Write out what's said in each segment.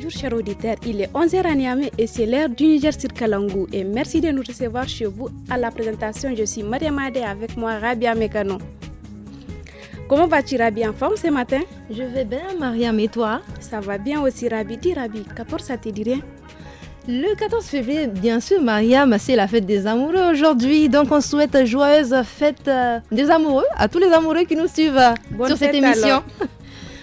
Bonjour chers auditeurs, il est 11h à Niamey et c'est l'heure du Niger sur Kalangou. Et merci de nous recevoir chez vous. À la présentation, je suis Mariamade avec moi Rabia Mekano. Comment vas-tu Rabi en forme ce matin Je vais bien Mariam et toi Ça va bien aussi Rabi. Dis Rabi, 14 ça te dit le 14 février, bien sûr, Mariam, c'est la fête des amoureux aujourd'hui. Donc, on souhaite joyeuse fête euh, des amoureux à tous les amoureux qui nous suivent sur cette émission.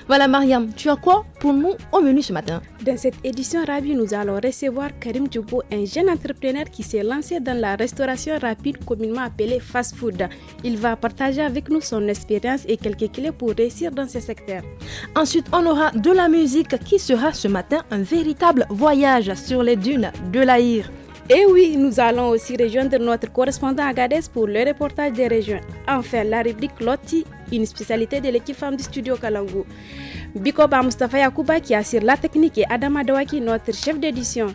Voilà Mariam, tu as quoi pour nous au menu ce matin Dans cette édition Rabi, nous allons recevoir Karim Djoubo, un jeune entrepreneur qui s'est lancé dans la restauration rapide communément appelée fast food. Il va partager avec nous son expérience et quelques clés pour réussir dans ce secteur. Ensuite, on aura de la musique qui sera ce matin un véritable voyage sur les dunes de l'Aïr. Et oui, nous allons aussi rejoindre notre correspondant à Gades pour le reportage des régions. Enfin, la rubrique Lotti, une spécialité de l'équipe femme du studio Kalangu. Bikoba Mustafa Yakuba qui assure la technique et Adam qui notre chef d'édition.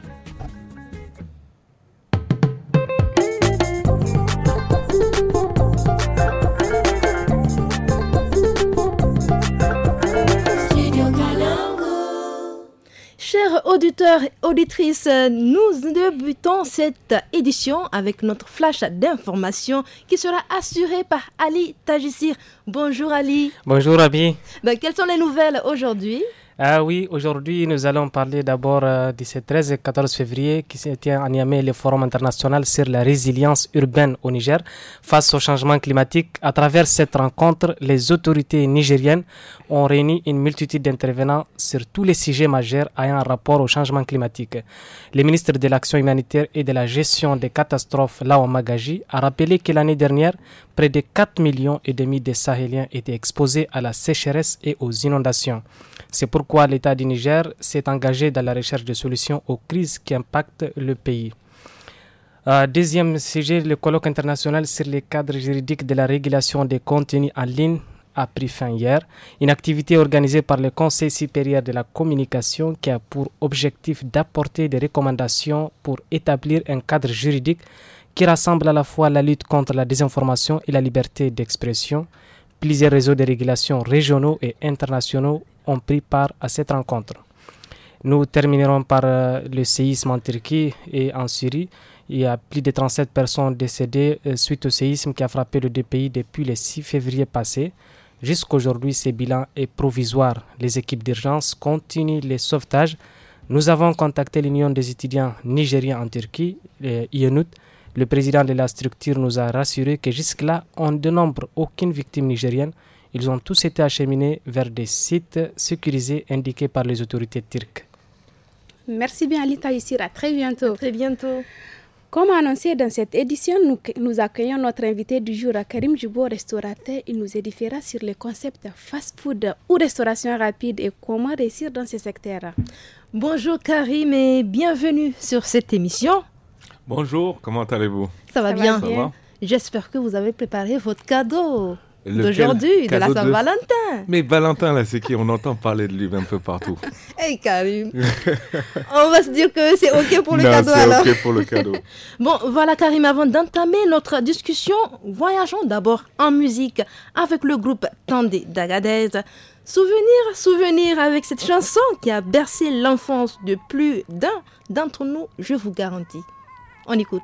Chers auditeurs et auditrices, nous débutons cette édition avec notre flash d'information qui sera assuré par Ali Tajissir. Bonjour Ali. Bonjour Abi. Ben, quelles sont les nouvelles aujourd'hui ah oui, aujourd'hui nous allons parler d'abord euh, du 13 et 14 février qui se tient à Niamey le Forum international sur la résilience urbaine au Niger face au changement climatique. À travers cette rencontre, les autorités nigériennes ont réuni une multitude d'intervenants sur tous les sujets majeurs ayant un rapport au changement climatique. Le ministre de l'Action humanitaire et de la gestion des catastrophes, Lao Magaji, a rappelé que l'année dernière, près de 4 millions et demi de Sahéliens étaient exposés à la sécheresse et aux inondations. C'est pourquoi l'État du Niger s'est engagé dans la recherche de solutions aux crises qui impactent le pays. Euh, deuxième sujet, le colloque international sur les cadres juridiques de la régulation des contenus en ligne a pris fin hier, une activité organisée par le Conseil supérieur de la communication qui a pour objectif d'apporter des recommandations pour établir un cadre juridique qui rassemble à la fois la lutte contre la désinformation et la liberté d'expression. Plusieurs réseaux de régulation régionaux et internationaux ont pris part à cette rencontre. Nous terminerons par euh, le séisme en Turquie et en Syrie. Il y a plus de 37 personnes décédées euh, suite au séisme qui a frappé le deux pays depuis le 6 février passé. Jusqu'aujourd'hui, ce bilan est provisoire. Les équipes d'urgence continuent les sauvetages. Nous avons contacté l'Union des étudiants nigériens en Turquie, euh, IONUT. Le président de la structure nous a rassuré que jusque-là, on ne dénombre aucune victime nigérienne. Ils ont tous été acheminés vers des sites sécurisés indiqués par les autorités turques. Merci bien Alita Isira. à très bientôt. très bientôt. Comme annoncé dans cette édition, nous, accueillons notre invité du jour, Karim Jubo, restaurateur. Il nous édifiera sur le concept fast-food ou restauration rapide et comment réussir dans ce secteur. Bonjour Karim et bienvenue sur cette émission. Bonjour, comment allez-vous ça, va bien. J'espère que vous avez préparé votre cadeau. D'aujourd'hui, de la Saint-Valentin. Mais Valentin, là, c'est qui On entend parler de lui un peu partout. Hé hey, Karim On va se dire que c'est OK pour le cadeau alors. OK pour le cadeau. bon, voilà, Karim, avant d'entamer notre discussion, voyageons d'abord en musique avec le groupe Tandé d'Agadez. Souvenir, souvenir avec cette chanson qui a bercé l'enfance de plus d'un d'entre nous, je vous garantis. On écoute.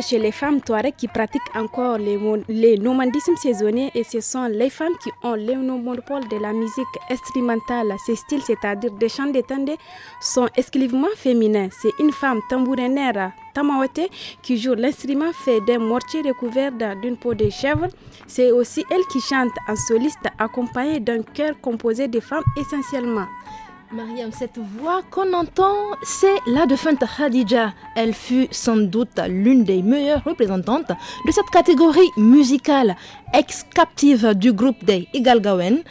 chez les femmes Touareg qui pratiquent encore les, les nomandismes saisonniers et ce sont les femmes qui ont le monopole de la musique instrumentale. Ces styles, c'est-à-dire des chants d'étendue, sont exclusivement féminins. C'est une femme tambourinaire Tamawate qui joue l'instrument fait d'un mortier recouvert d'une peau de chèvre. C'est aussi elle qui chante en soliste accompagnée d'un chœur composé de femmes essentiellement. Mariam, cette voix qu'on entend, c'est la de Fanta Khadija. Elle fut sans doute l'une des meilleures représentantes de cette catégorie musicale, ex-captive du groupe des Igalgawen.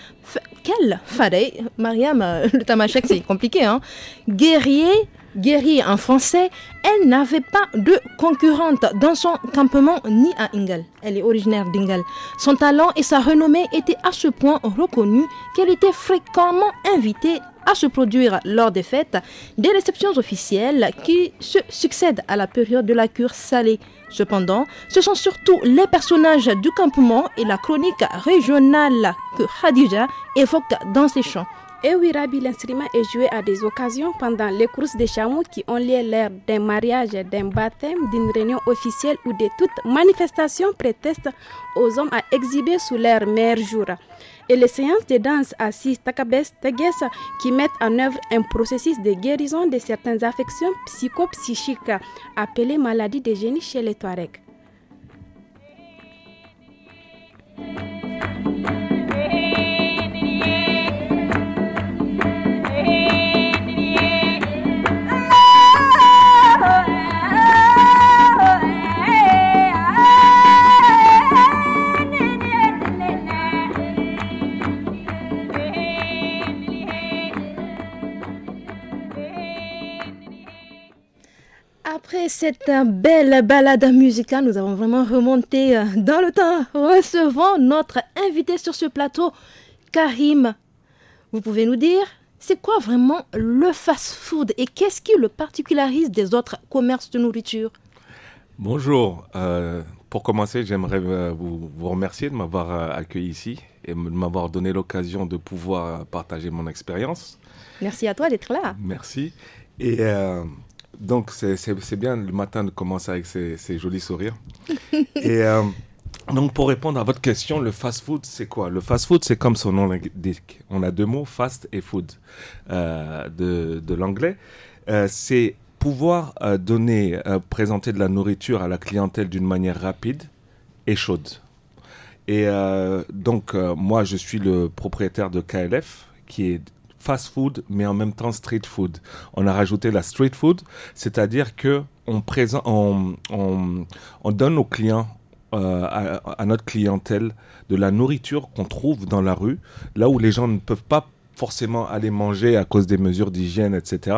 Quelle Fadei Mariam, euh, le tamashek, c'est compliqué, hein Guerrier guérie en français, elle n'avait pas de concurrente dans son campement ni à Ingal. Elle est originaire d'Ingal. Son talent et sa renommée étaient à ce point reconnus qu'elle était fréquemment invitée à se produire lors des fêtes, des réceptions officielles qui se succèdent à la période de la cure salée. Cependant, ce sont surtout les personnages du campement et la chronique régionale que Khadija évoque dans ses chants. Et oui, Rabi, l'instrument est joué à des occasions pendant les courses des chameaux qui ont lieu l'air d'un mariage, d'un baptême, d'une réunion officielle ou de toute manifestation prétexte aux hommes à exhiber sous leur meilleur jour. Et les séances de danse assises takabes teges qui mettent en œuvre un processus de guérison de certaines affections psychopsychiques appelées maladies de génie chez les Touaregs. Après cette euh, belle balade musicale, nous avons vraiment remonté euh, dans le temps, recevant notre invité sur ce plateau, Karim. Vous pouvez nous dire, c'est quoi vraiment le fast-food et qu'est-ce qui le particularise des autres commerces de nourriture Bonjour. Euh, pour commencer, j'aimerais vous, remercier de m'avoir accueilli ici et de m'avoir donné l'occasion de pouvoir partager mon expérience. Merci à toi d'être là. Merci. Et donc c'est bien le matin de commencer avec ces, jolis sourires. Et euh, donc pour répondre à votre question, le fast-food, c'est quoi Le fast-food, c'est comme son nom l'indique. On a deux mots, fast et food, euh, de, l'anglais. Euh, c'est pouvoir donner, présenter de la nourriture à la clientèle d'une manière rapide et chaude. Et donc moi, je suis le propriétaire de KLF, qui est fast food, mais en même temps street food. On a rajouté la street food, c'est-à-dire que on, présente, on, on, donne aux clients euh, à, notre clientèle de la nourriture qu'on trouve dans la rue, là où les gens ne peuvent pas forcément aller manger à cause des mesures d'hygiène, etc.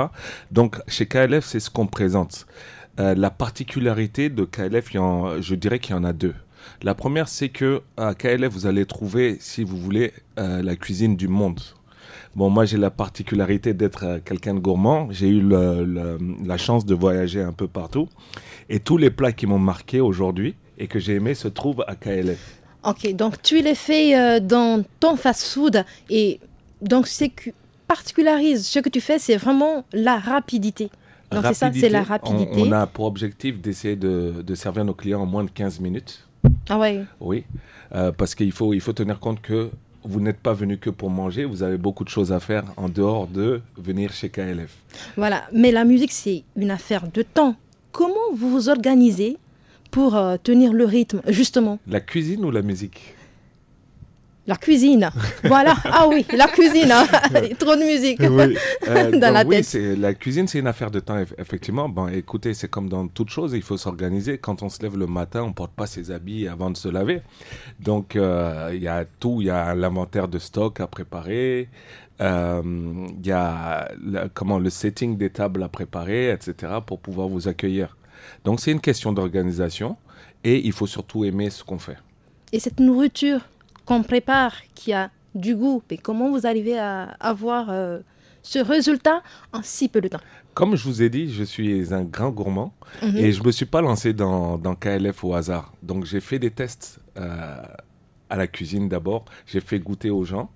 Donc chez KLF, c'est ce qu'on présente. Euh, la particularité de KLF, y en, je dirais qu'il y en a deux. La première, c'est que à KLF, vous allez trouver, si vous voulez, euh, la cuisine du monde. Bon, moi, j'ai la particularité d'être euh, quelqu'un de gourmand. J'ai eu la chance de voyager un peu partout. Et tous les plats qui m'ont marqué aujourd'hui et que j'ai aimé se trouvent à KLF. Ok, donc tu les fais euh, dans ton fast-food. Et donc, ce qui particularise ce que tu fais, c'est vraiment la rapidité. Donc, c'est ça, c'est la rapidité. On, a pour objectif d'essayer de, servir nos clients en moins de 15 minutes. Ah ouais. Oui, euh, parce qu'il faut, il faut tenir compte que vous n'êtes pas venu que pour manger, vous avez beaucoup de choses à faire en dehors de venir chez KLF. Voilà, mais la musique, c'est une affaire de temps. Comment vous vous organisez pour euh, tenir le rythme, justement La cuisine ou la musique la cuisine, voilà. Ah oui, la cuisine, hein. trop de musique euh, dans la tête. Oui, la cuisine, c'est une affaire de temps, effectivement. Bon, écoutez, c'est comme dans toute chose, il faut s'organiser. Quand on se lève le matin, on ne porte pas ses habits avant de se laver. Donc, euh, il y a tout, il y a l'inventaire de stock à préparer, euh, il y a comment, le setting des tables à préparer, etc., pour pouvoir vous accueillir. Donc, c'est une question d'organisation et il faut surtout aimer ce qu'on fait. Et cette nourriture qu'on prépare qui a du goût. Mais comment vous arrivez à avoir euh, ce résultat en si peu de temps Comme je vous ai dit, je suis un grand gourmand mhm. et je ne me suis pas lancé dans, KLF au hasard. Donc j'ai fait des tests euh, à la cuisine d'abord. J'ai fait goûter aux gens.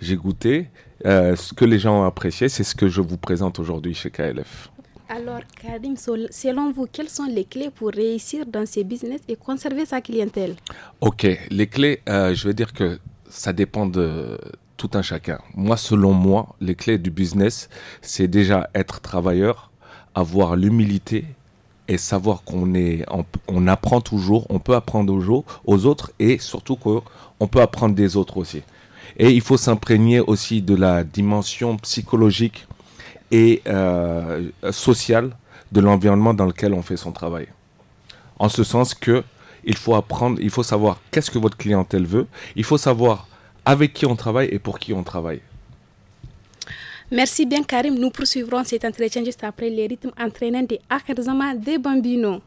J'ai goûté. Euh, ce que les gens ont apprécié, c'est ce que je vous présente aujourd'hui chez KLF. Alors, Karim, selon vous, quelles sont les clés pour réussir dans ces business et conserver sa clientèle Ok, les clés, euh, je vais dire que ça dépend de tout un chacun. Moi, selon moi, les clés du business, c'est déjà être travailleur, avoir l'humilité et savoir qu'on est, on, apprend toujours, on peut apprendre aux autres et surtout qu'on peut apprendre des autres aussi. Et il faut s'imprégner aussi de la dimension psychologique et euh, sociale de l'environnement dans lequel on fait son travail. En ce sens que il faut apprendre, il faut savoir qu'est-ce que votre clientèle veut, il faut savoir avec qui on travaille et pour qui on travaille. Merci bien Karim, nous poursuivrons cet entretien juste après les rythmes entraînants des Akhir des Bambino.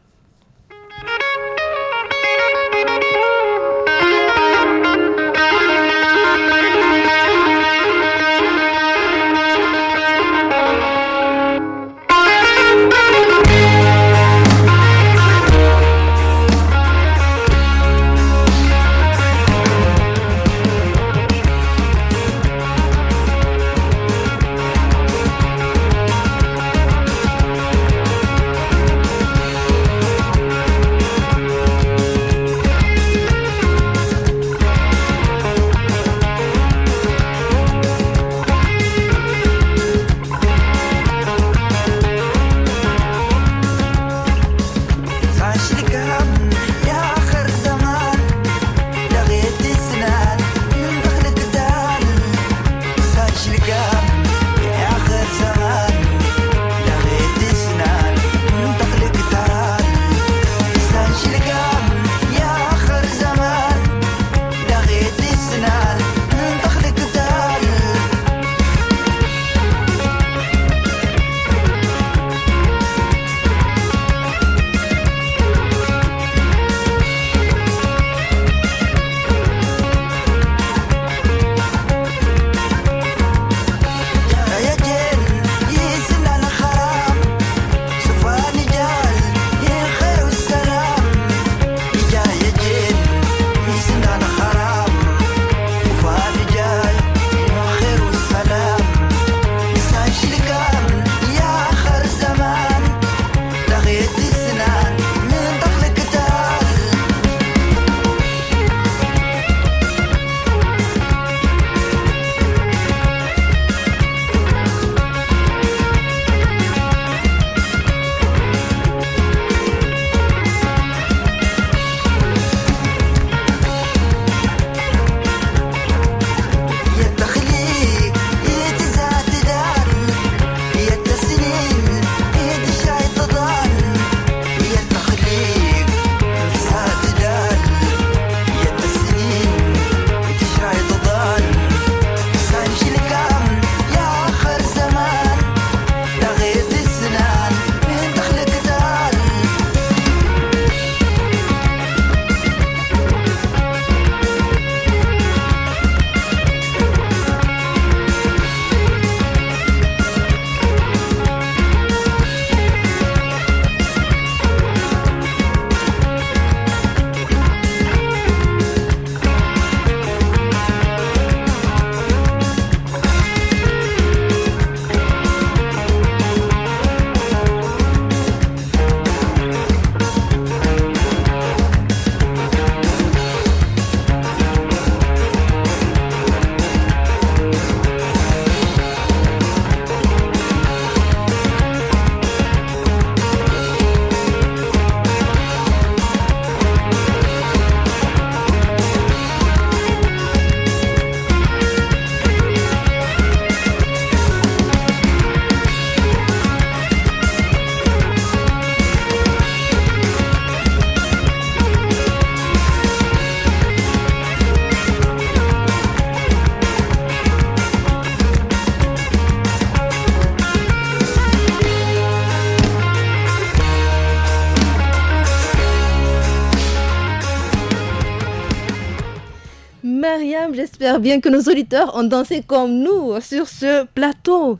bien que nos auditeurs ont dansé comme nous sur ce plateau.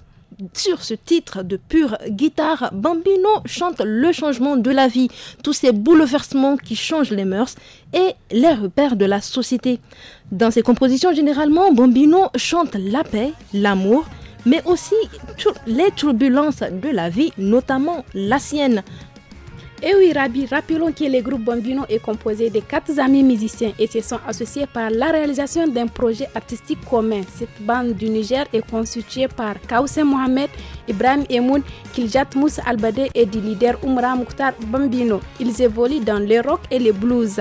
Sur ce titre de pure guitare, Bambino chante le changement de la vie, tous ces bouleversements qui changent les mœurs et les repères de la société. Dans ses compositions, généralement, Bambino chante la paix, l'amour, mais aussi les turbulences de la vie, notamment la sienne. Et eh oui, Rabi, rappelons que le groupe Bambino est composé de quatre amis musiciens et se sont associés par la réalisation d'un projet artistique commun. Cette bande du Niger est constituée par Kaoussé Mohamed, Ibrahim Emoun, Kiljat Moussa Albade et du leader Umra Mukhtar Bambino. Ils évoluent dans le rock et le blues.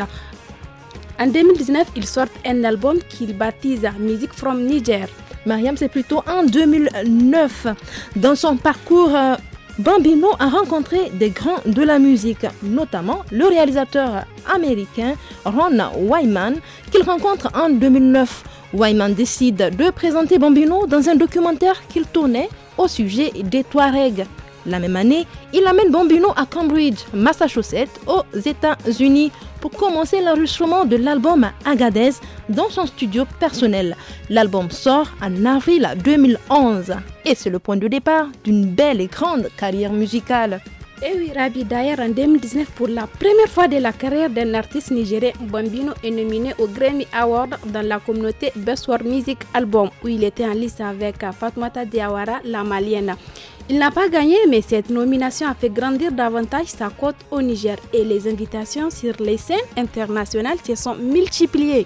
En 2019, ils sortent un album qu'ils baptisent Music from Niger. Mariam, c'est plutôt en 2009. Dans son parcours euh, Bambino a rencontré des grands de la musique, notamment le réalisateur américain Ron Wyman, qu'il rencontre en 2009. Wyman décide de présenter Bambino dans un documentaire qu'il tournait au sujet des Touaregs. La même année, il amène Bambino à Cambridge, Massachusetts, aux États-Unis, pour commencer l'enregistrement de l'album Agadez dans son studio personnel. L'album sort en avril 2011 et c'est le point de départ d'une belle et grande carrière musicale. Et eh oui, Rabi, d'ailleurs, en 2019, pour la première fois de la carrière d'un artiste nigérien, Bambino est nominé au Grammy Award dans la communauté Best World Music Album, où il était en liste avec Fatmata Diawara, la malienne. Il n'a pas gagné, mais cette nomination a fait grandir davantage sa cote au Niger et les invitations sur les scènes internationales se sont multipliées.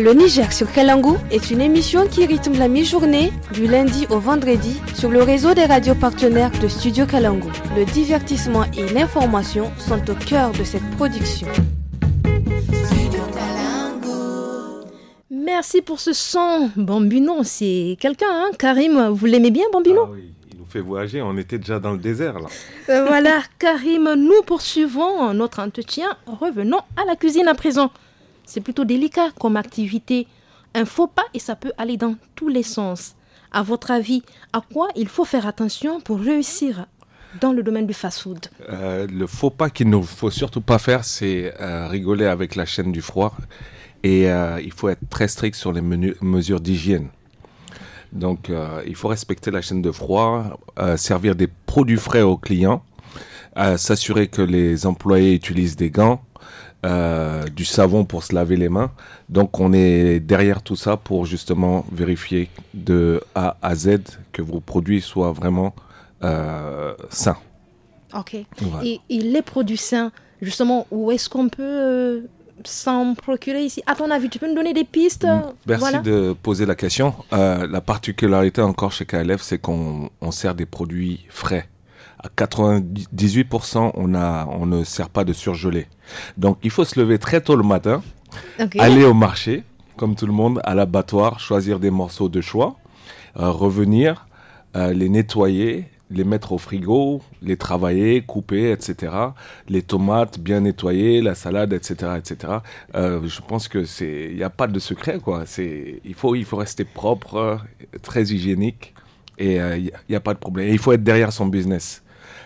Le Niger sur Kalangu est une émission qui rythme la mi-journée du lundi au vendredi sur le réseau des radios partenaires de Studio Kalangu. Le divertissement et l'information sont au cœur de cette production. Merci pour ce son, Bambino. C'est quelqu'un, hein Karim, vous l'aimez bien, Bambino ah Il nous fait voyager, on était déjà dans le désert là. Euh, voilà, Karim, nous poursuivons notre entretien. Revenons à la cuisine à présent c'est plutôt délicat comme activité. Un faux pas et ça peut aller dans tous les sens. À votre avis, à quoi il faut faire attention pour réussir dans le domaine du fast-food euh, Le faux pas qu'il ne faut surtout pas faire, c'est euh, rigoler avec la chaîne du froid. Et euh, il faut être très strict sur les mesures d'hygiène. Donc, il faut respecter la chaîne de froid, servir des produits frais aux clients, s'assurer que les employés utilisent des gants, euh, du savon pour se laver les mains. Donc on est derrière tout ça pour justement vérifier de A à Z que vos produits soient vraiment euh, sains. Ok. Et, les produits sains, justement, où est-ce qu'on peut euh, s'en procurer ici À ton avis, tu peux nous donner des pistes mm, Merci de poser la question. la particularité encore chez KLF, c'est qu'on sert des produits frais à 98%, on, ne sert pas de surgelé. Donc il faut se lever très tôt le matin, aller au marché, comme tout le monde, à l'abattoir, choisir des morceaux de choix, euh, revenir, euh, les nettoyer, les mettre au frigo, les travailler, couper, etc. Les tomates bien nettoyées, la salade, etc., etc. Euh, je pense que c'est, il n'y a pas de secret quoi. il faut, rester propre, très hygiénique, et il n'y a, pas de problème. il faut être derrière son business.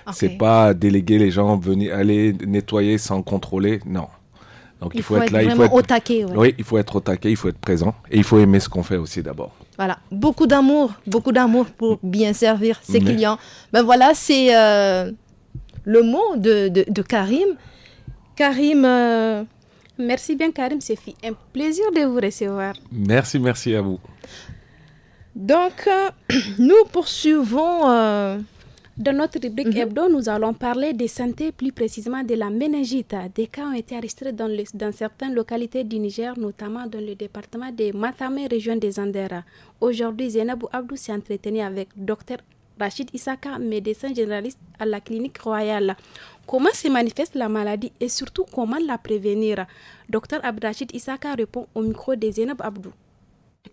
Ce C'est pas déléguer les gens, venir aller nettoyer sans contrôler, non. Donc il, faut, être, là, il faut être au taquet. Oui, il faut être au taquet, il faut être présent et il faut aimer ce qu'on fait aussi d'abord. Voilà, beaucoup d'amour, beaucoup d'amour pour bien servir ses clients. Ben voilà, c'est euh, le mot de, de, Karim. Karim. Euh, merci bien, Karim C'est Un plaisir de vous recevoir. Merci, merci à vous. Donc, euh, nous poursuivons dans notre rubrique mhm. hebdo, nous allons parler de santé, plus précisément de la méningite. Des cas ont été enregistrés dans, certaines localités du Niger, notamment dans le département de Matame, région des Andera. Aujourd'hui, Zainabou Abdou s'est entretenu avec Dr Rachid Isaka, médecin généraliste à la clinique royale. Comment se manifeste la maladie et surtout comment la prévenir Dr Rachid Isaka répond au micro de Zainab Abdou.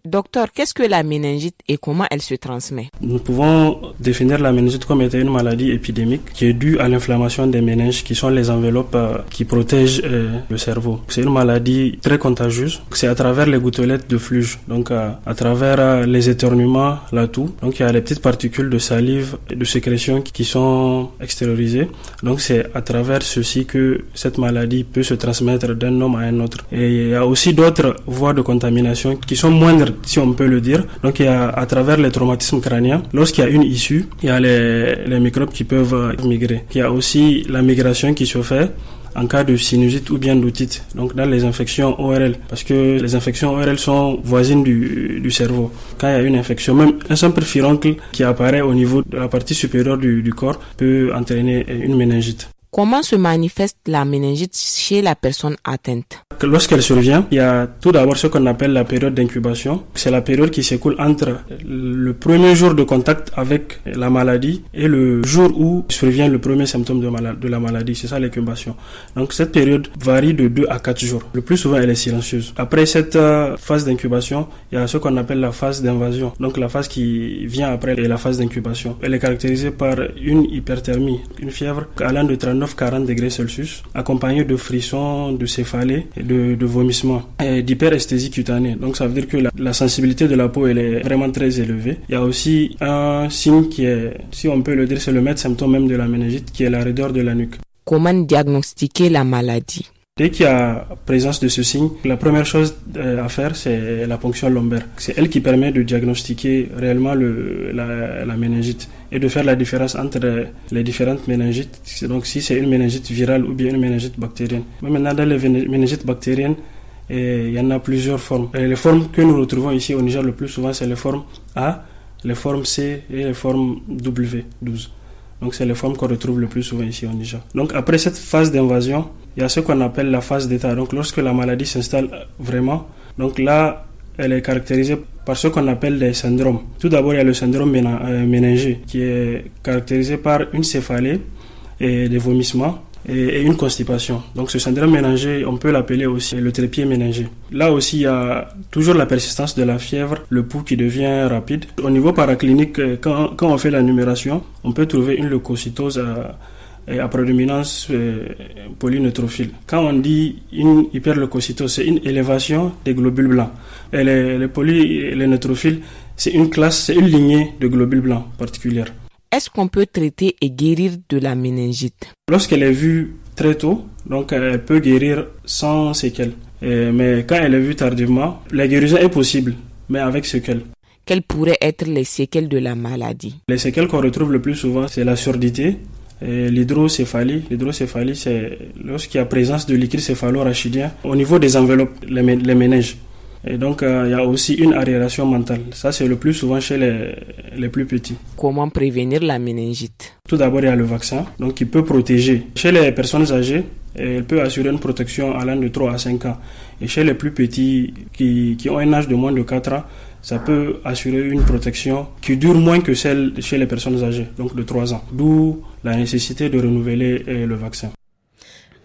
Docteur, qu'est-ce que la méningite et comment elle se transmet Nous pouvons définir la méningite comme étant une maladie épidémique qui est due à l'inflammation des méninges, qui sont les enveloppes euh, qui protègent euh, le cerveau. C'est une maladie très contagieuse. C'est à travers les gouttelettes de fluge, donc euh, à, travers les éternuements, la toux. Donc il y a les petites particules de salive et de sécrétion qui sont extériorisées. Donc c'est à travers ceci que cette maladie peut se transmettre d'un homme à un autre. Et il y a aussi d'autres voies de contamination qui sont moins si on peut le dire. Donc il y a, à travers les traumatismes crâniens, lorsqu'il y a une issue, il y a les, microbes qui peuvent euh, migrer. Il y a aussi la migration qui se fait en cas de sinusite ou bien d'otite, donc dans les infections ORL, parce que les infections ORL sont voisines du, du cerveau. Quand il y a une infection, même un simple furoncle qui apparaît au niveau de la partie supérieure du, du corps peut entraîner une méningite. Comment se manifeste la méningite chez la personne atteinte Lorsqu'elle survient, il y a tout d'abord ce qu'on appelle la période d'incubation. C'est la période qui s'écoule entre le premier jour de contact avec la maladie et le jour où survient le premier symptôme de, la maladie. C'est ça l'incubation. Donc cette période varie de 2 à 4 jours. Le plus souvent, elle est silencieuse. Après cette euh, phase d'incubation, il y a ce qu'on appelle la phase d'invasion. Donc la phase qui vient après est la phase d'incubation. Elle est caractérisée par une hyperthermie, une fièvre allant de 30. 39-40 degrés Celsius, accompagné de frissons, de céphalées et de, vomissements, et d'hyperesthésie cutanée. Donc ça veut dire que la, sensibilité de la peau, elle est vraiment très élevée. Il y a aussi un signe qui est, si on peut le dire, c'est le maître symptôme même de la méningite, qui est la raideur de la nuque. Comment diagnostiquer la maladie Dès qu'il y a présence de ce signe, la première chose euh, à faire, c'est la ponction lombaire. C'est elle qui permet de diagnostiquer réellement la, la méningite et de faire la différence entre les différentes méningites. Donc si c'est une méningite virale ou bien une méningite bactérienne. Mais maintenant dans les méningites bactériennes, et il y en a plusieurs formes. Et les formes que nous retrouvons ici au Niger le plus souvent, c'est les formes A, les formes C et les formes W12. Donc c'est les formes qu'on retrouve le plus souvent ici au Niger. Donc après cette phase d'invasion, il y a ce qu'on appelle la phase d'état. Donc lorsque la maladie s'installe vraiment, donc là, elle est caractérisée par ce qu'on appelle des syndromes. Tout d'abord, il y a le syndrome euh, méningé qui est caractérisé par une céphalée et des vomissements et, une constipation. Donc ce syndrome méningé, on peut l'appeler aussi le trépied méningé. Là aussi, il y a toujours la persistance de la fièvre, le pouls qui devient rapide. Au niveau paraclinique, euh, quand, on fait la numération, on peut trouver une leucocytose à à prédominance euh, polyneutrophile. Quand on dit une hyperleucocytose, c'est une élévation des globules blancs. Et les, les c'est une classe, c'est une lignée de globules blancs particulière. Est-ce qu'on peut traiter et guérir de la méningite Lorsqu'elle est vue très tôt, donc euh, elle peut guérir sans séquelles. mais quand elle est vue tardivement, la guérison est possible, mais avec séquelles quelles pourraient être les séquelles de la maladie Les séquelles qu'on retrouve le plus souvent, c'est la surdité, l'hydrocéphalie. L'hydrocéphalie, c'est lorsqu'il y a présence de liquide céphalo-rachidien au niveau des enveloppes, les, ménèges. Et donc, euh, il y a aussi une arriération mentale. Ça, c'est le plus souvent chez les, plus petits. Comment prévenir la méningite Tout d'abord, il y a le vaccin, donc qui peut protéger. Chez les personnes âgées, euh, elle peut assurer une protection allant de 3 à 5 ans. Et chez les plus petits qui, qui ont un âge de moins de 4 ans, ça peut assurer une protection qui dure moins que celle chez les personnes âgées, donc de 3 ans. D'où la nécessité de renouveler euh, le vaccin.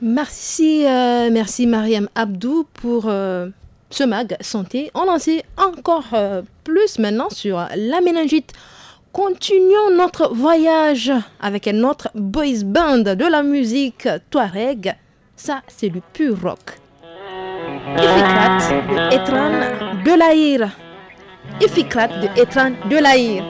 Merci, euh, merci Mariam Abdou pour euh, ce mag santé. On en sait encore plus maintenant sur la méningite. Continuons notre voyage avec notre boys band de la musique Touareg. Ça, c'est le pur rock. de Etran efficace de Etran de l'Aïr.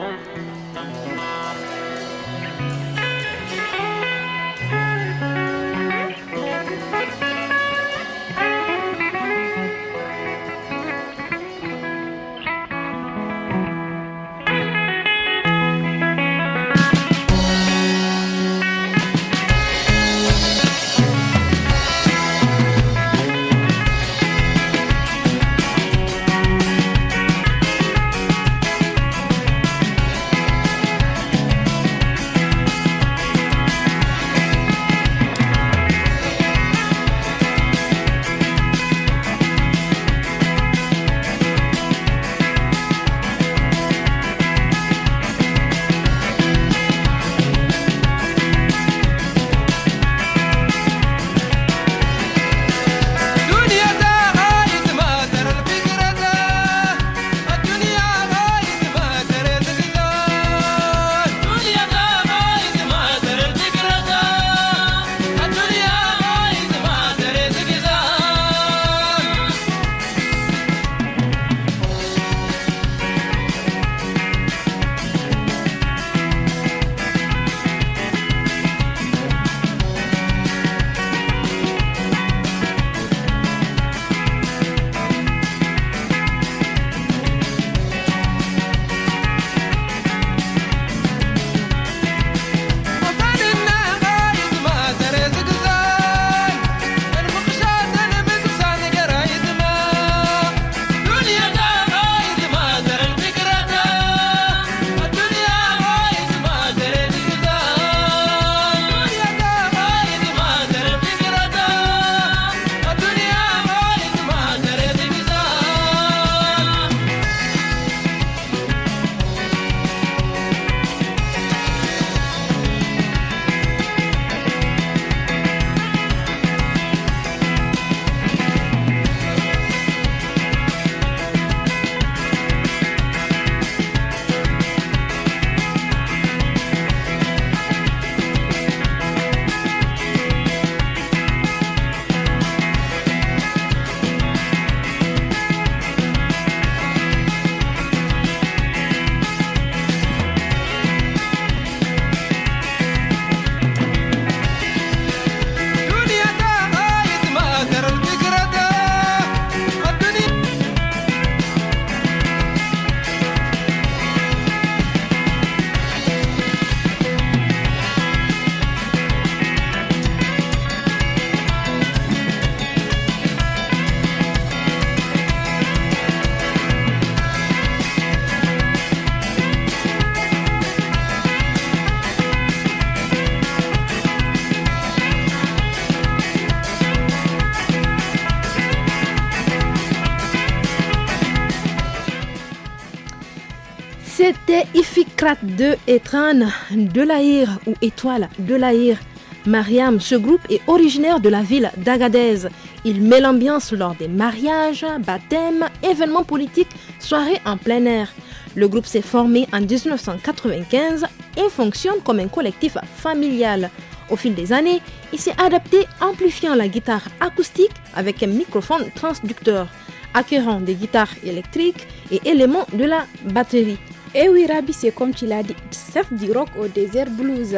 de Etran, de l'Aïr ou Étoile de l'Aïr. Mariam, ce groupe est originaire de la ville d'Agadez. Il met l'ambiance lors des mariages, baptêmes, événements politiques, soirées en plein air. Le groupe s'est formé en 1995 et fonctionne comme un collectif familial. Au fil des années, il s'est adapté amplifiant la guitare acoustique avec un microphone transducteur, acquérant des guitares électriques et éléments de la batterie. Et eh oui, Rabi, c'est comme tu l'as dit, fait du rock au désert blues.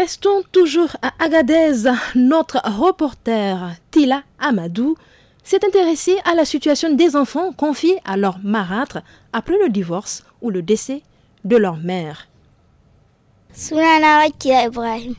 Restons toujours à Agadez. Notre reporter Tila Amadou s'est intéressé à la situation des enfants confiés à leur marâtre après le divorce ou le décès de leur mère. Ibrahim.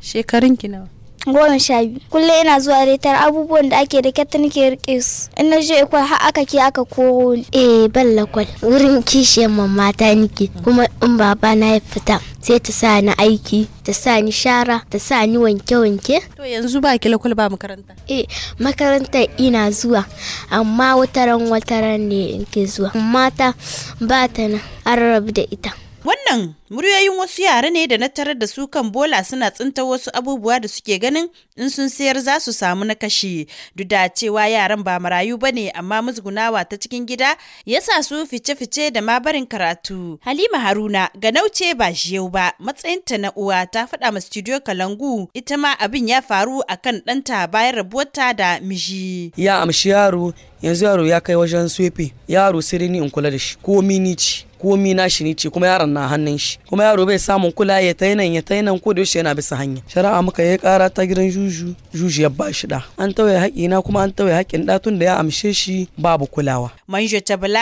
goma sha biyu kullum ina zuwa retar abubuwan da ake da kyata nake rike su in na je ikwal har aka ke aka koro ni eh balla kwal wurin kishiyar mamata nike. kuma in baba na ya fita sai ta sa ni aiki ta sa ni shara ta sa ni wanke-wanke to yanzu ba ki lakwal ba makaranta eh makaranta ina zuwa amma wataran wataran ne in ke zuwa mata ba ta na an rabu da ita Wannan muryoyin wasu yara ne da na tarar da su kan bola suna tsinta wasu abubuwa da suke ganin in sun sayar za su samu na kashe. Duk da cewa yaran ba marayu ba ne amma musgunawa ta cikin gida ya sa su fice-fice da ma barin karatu. Halima Haruna ga nauce ba shi yau ba matsayinta na uwa ta faɗa ma studio Kalangu ita ma abin ya faru akan ɗanta bayan rabuwarta da miji. Ya amshi yaro yanzu yaro ya kai wajen swepe yaro sai ni in kula da shi ko mini ci. komi na shi ne ce kuma yaron na hannun shi kuma yaro bai samun kula ya tainan ya tainan ko da yaushe yana bisa hanya shari'a muka yi kara ta gidan juju juju ya ba shi da an tauye haƙi na kuma an tauye haƙin da tun da ya amshe shi babu kulawa manjo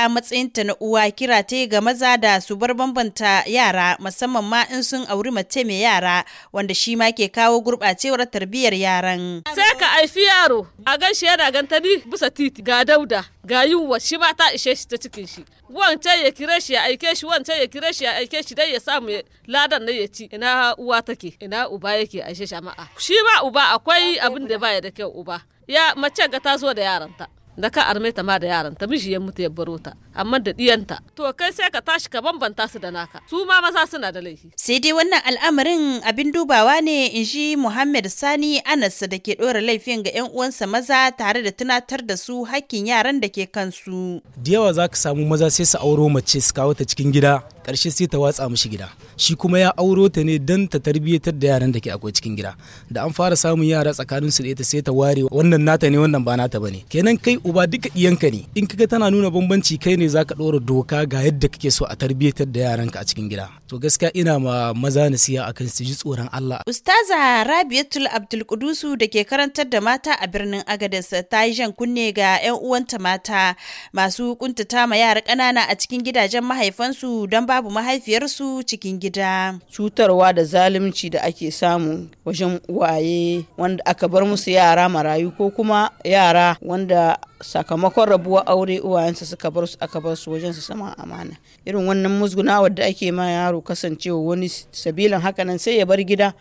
matsayin ta na uwa kira ta ga maza da su bar bambanta yara musamman ma in sun auri mace mai yara wanda shi ma ke kawo gurɓacewar tarbiyyar yaran sai ka aifi yaro a gan shi yana bi bisa titi ga dauda ga yiwuwa shi ma ta ishe shi ta cikin shi wancan ya kire shi ya aike shi wancan ya kire shi ya aike shi dai ya samu ladan na ya ci ina uwa take ina uba yake aishe shama'a shi ma uba akwai abin da baya da kyau uba ya mace ga ta zo da yaranta da ka arme ta ma da yaran ta miji ya mutu ya baro ta amma da diyanta to kai sai ka tashi ka bambanta su da naka su ma maza suna da laifi sai dai wannan al'amarin abin dubawa ne in ji muhammed Sani Anas da ke dora laifin ga 'yan uwansa maza tare da tunatar da su hakkin yaran da ke kansu da yawa ka samu maza sai su auro mace su kawo ta cikin gida karshe sai ta watsa mishi gida shi kuma ya auro ta ne don ta tarbiyyatar da yaran da ke akwai cikin gida da an fara samun yara tsakanin su da ita sai ta ware wannan nata ne wannan ba nata bane kenan kai uba duka iyanka ne in kaga tana nuna bambanci kai ne zaka ɗora doka ga yadda kake so a tarbiyyatar da yaranka a cikin gida to gaskiya ina ma maza nasiya akan su ji tsoron Allah ustaza Rabiatul Abdulkudusu da ke karantar da mata a birnin Agadez ta yi jan kunne ga 'yan uwanta mata masu kuntata ma yara kanana a cikin gidajen mahaifansu don ba babu mahaifiyarsu cikin gida. Cutarwa da zalunci da ake samu wajen waye wanda aka bar musu yara marayu ko kuma yara wanda sakamakon rabuwa aure uwayensa suka bar su aka bar su wajen su sama amana irin wannan musguna da ake ma yaro kasancewa wani haka hakanan sai ya bar gida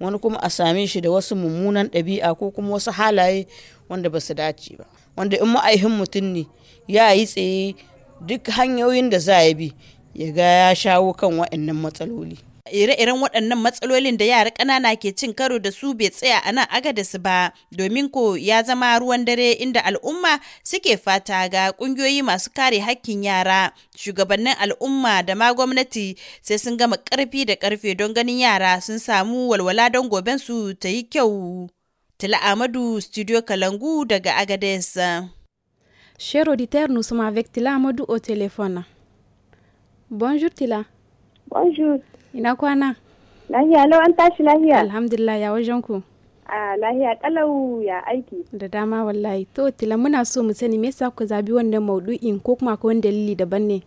wani kuma a same shi da wasu mummunan ɗabi'a ko kuma wasu halaye wanda ba su dace ba wanda in ma'aihin mutum ne ya yi tsaye duk hanyoyin da za ya bi ya ga ya shawo kan waɗannan matsaloli. ire-iren waɗannan matsalolin da yara ƙanana ke cin karo da su bai tsaya a nan agadasu ba domin ko ya zama ruwan dare inda al'umma suke fata ga ƙungiyoyi masu kare hakkin yara shugabannin al'umma da ma gwamnati sai sun gama ƙarfi da ƙarfe don ganin yara sun samu walwala don goben su ta yi kyau Tala amadu studio kalangu daga agades Chers auditeurs, nous sommes avec Tila Bonjour Tila. Bonjour. Ina kwana? Lahiya lau an tashi lahiya. Alhamdulillah ya wajen ku. A lahiya kalau ya aiki. Da dama wallahi. To Tila muna so mu sani me yasa ku zabi wannan maudu'in ko kuma akwai wani dalili daban ne?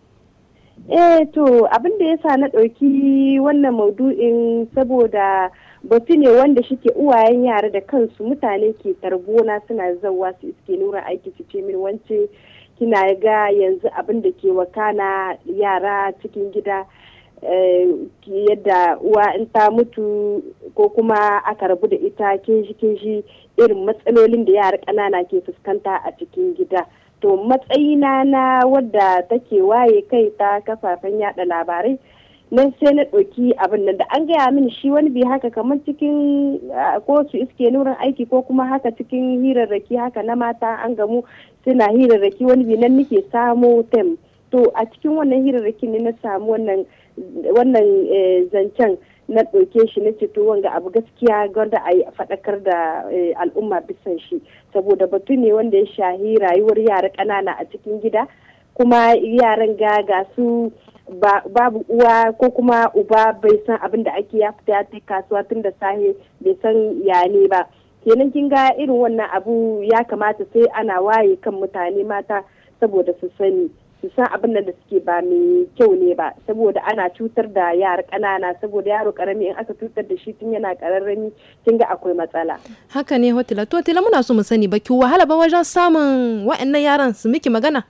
Eh to abin da yasa na ɗauki wannan maudu'in saboda batu ne wanda shike uwayen yara da kansu mutane ke tarbona suna zauwa su iske nura aiki su ce min wance kina ga yanzu abin da ke wakana yara cikin gida eh, yadda uwa in ta mutu ko kuma aka rabu da ita kin shi irin matsalolin da yara ƙanana ke fuskanta a cikin gida to matsayina na wadda take waye kai ta kafafen yada labarai nan sai na ɗauki abin nan da an gaya min shi wani bi haka kamar cikin ko su iske nurin aiki ko kuma haka cikin hirarraki haka na mata an gamu suna hirarraki wani bi nan nake samo tem to a cikin wannan hirarraki ne na samu wannan eh, zancen na ɗauke shi na ceto wanga abu gaskiya wanda a faɗakar da eh, al'umma bisan shi saboda batu ne wanda ya shahi rayuwar yara ƙanana a cikin gida kuma yaran ga su babu uwa ko kuma uba bai san abin da ake ya fita ta kasuwa tun da sahe bai san ya ba kenan kin ga irin wannan abu ya kamata sai ana waye kan mutane mata saboda su sani su san abin da suke ba mai kyau ne ba saboda ana cutar da yara ƙanana saboda yaro karami in aka cutar da shi tun yana kararrami kin ga akwai matsala haka ne hotila to hotila muna so mu sani ba ki wahala ba wajen samun wa'annan yaran su miki magana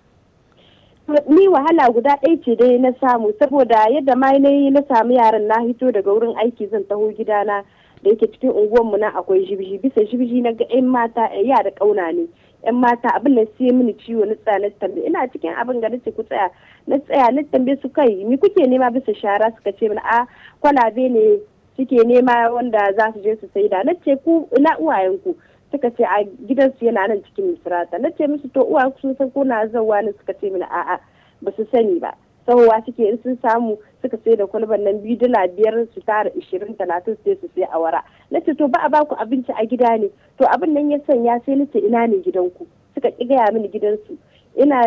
ni wahala guda ɗaya ce dai na samu saboda yadda ma na yi na samu yaran na hito daga wurin aiki zan taho gidana da yake cikin unguwanmu na akwai jibji bisa jibji na ga 'yan mata eh, ya da ƙauna ne 'yan mata abin da mini ciwo na tsaya na tambe ina cikin abin na ce ku tsaya na tsaya na tambe su kai ni kuke nema bisa shara suka ce mini a kwalabe ne suke nema wanda za su je su saida na ce ku ina uwayenku suka ce a gidansu yana nan cikin misirata na ce musu to uwa sun san ko na zauwa ne suka ce mini a'a ba su sani ba sahowa suke in sun samu suka sai da kwalban nan biyu dala biyar su tara ishirin talatin sai su sai awara na ce to ba a baku abinci a gida ne to abin nan ya sanya sai na ce ina ne gidanku suka ƙi gaya mini gidansu ina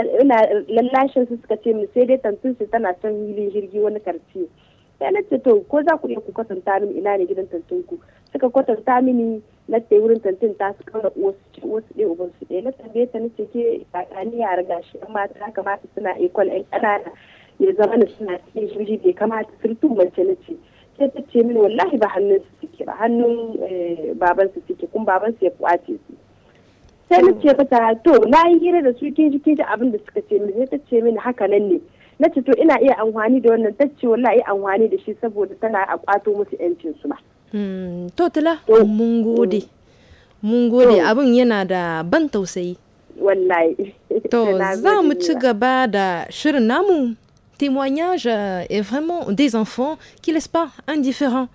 lallashin su suka ce min sai dai tantun su tana son filin jirgi wani karfi sai na ce to ko za ku iya ku kwatanta mini ina ne gidan tantun ku suka kwatanta mini na ce wurin tantin ta su kama wasu wasu ɗaya uban su ɗaya na tambaye ta nace ke ya riga shi yan mata ya kamata suna ikon ɗan ƙanana ya zama na suna cikin shirji bai kamata surtu mace na ce sai ta ce mini wallahi ba hannun su suke ba hannun eh, baban su suke kuma baban su ya kwace su sai na ce mata to na yi hira da su kin ji ke ji abin da suka ce mini sai ta ce mini haka nan ne na ce to ina iya amfani da wannan ta ce wallahi amfani da shi saboda tana a kwato musu yancin su ba. Mm, to tila oh. mun yana da ban tausayi wallahi to za mu ci gaba da shirin namu témoignage est eh, vraiment des enfants qui laissent pas indifférents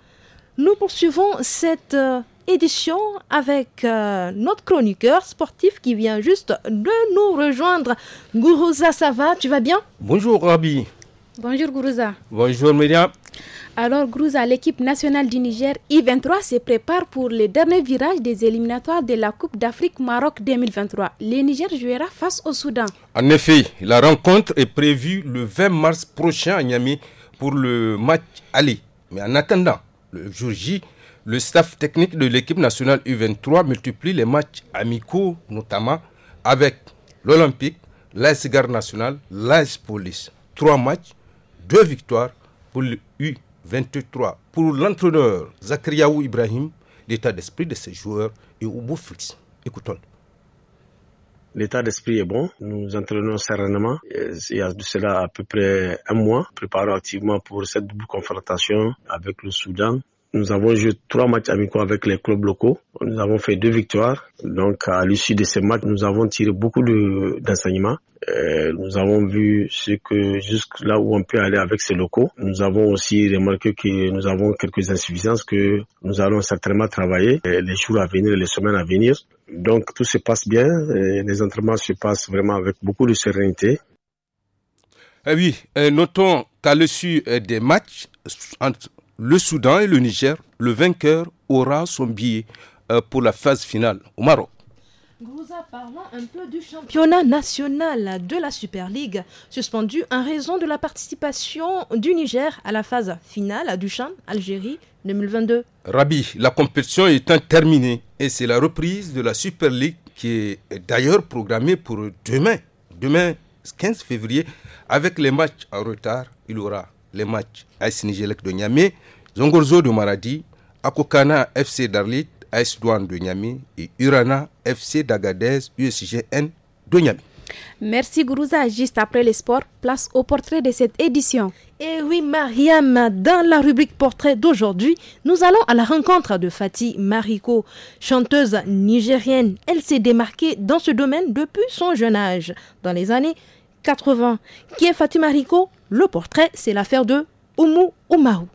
nous poursuivons cette euh, édition avec euh, notre chroniqueur sportif qui vient juste de nous rejoindre Guruza, ça va tu vas bien bonjour Rabi bonjour Guruza. bonjour Myriam alors, à l'équipe nationale du Niger I-23 se prépare pour le dernier virage des éliminatoires de la Coupe d'Afrique Maroc 2023. Le Niger jouera face au Soudan. En effet, la rencontre est prévue le 20 mars prochain à Niamey pour le match aller. Mais en attendant, le jour J, le staff technique de l'équipe nationale U23 multiplie les matchs amicaux, notamment avec l'Olympique, l'AS Garde nationale, l'AS Police. Trois matchs, deux victoires, pour le U23. Pour l'entraîneur Zakriaou Ibrahim, l'état d'esprit de ses joueurs est au beau fixe. Écoutons. L'état d'esprit est bon. Nous entraînons sereinement. Il y a de cela à peu près un mois, préparons activement pour cette double confrontation avec le Soudan. Nous avons joué trois matchs amicaux avec les clubs locaux. Nous avons fait deux victoires. Donc, à l'issue de ces matchs, nous avons tiré beaucoup d'enseignements. Euh, nous avons vu ce que jusque là où on peut aller avec ces locaux. Nous avons aussi remarqué que nous avons quelques insuffisances que nous allons certainement travailler euh, les jours à venir, les semaines à venir. Donc, tout se passe bien. les entraînements se passent vraiment avec beaucoup de sérénité. Eh oui, euh, notons qu'à l'issue des matchs entre le Soudan et le Niger, le vainqueur aura son billet euh, pour la phase finale au Maroc. Gouza, parlons un peu du championnat national de la Super League, suspendu en raison de la participation du Niger à la phase finale à Duchamp Algérie 2022. Rabi, la compétition étant terminée et c'est la reprise de la Super League qui est d'ailleurs programmée pour demain, demain 15 février, avec les matchs en retard, il aura les matchs AS nigélec de Niamey, Zongorzo de Maradi, Akokana FC d'Arlit, AS Douane de Niamey et Urana FC d'Agadez, USGN de Merci Gourouza. Juste après les sports, place au portrait de cette édition. Et oui, Mariam, dans la rubrique portrait d'aujourd'hui, nous allons à la rencontre de Fatih Mariko, chanteuse nigérienne. Elle s'est démarquée dans ce domaine depuis son jeune âge, dans les années 80. Qui est Fatih Mariko le portrait, c'est l'affaire de Oumu Oumaou.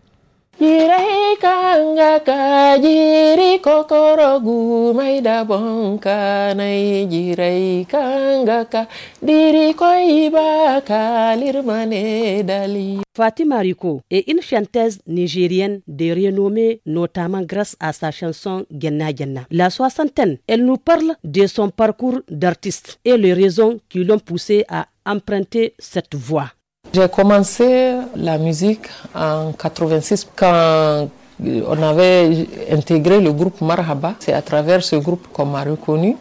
Fatima Rico est une chanteuse nigérienne de renommée notamment grâce à sa chanson Genna Genna. La soixantaine, elle nous parle de son parcours d'artiste et les raisons qui l'ont poussée à emprunter cette voie. J'ai commencé la musique en 86 quand on avait intégré le groupe Marhaba. C'est à travers ce groupe qu'on m'a reconnu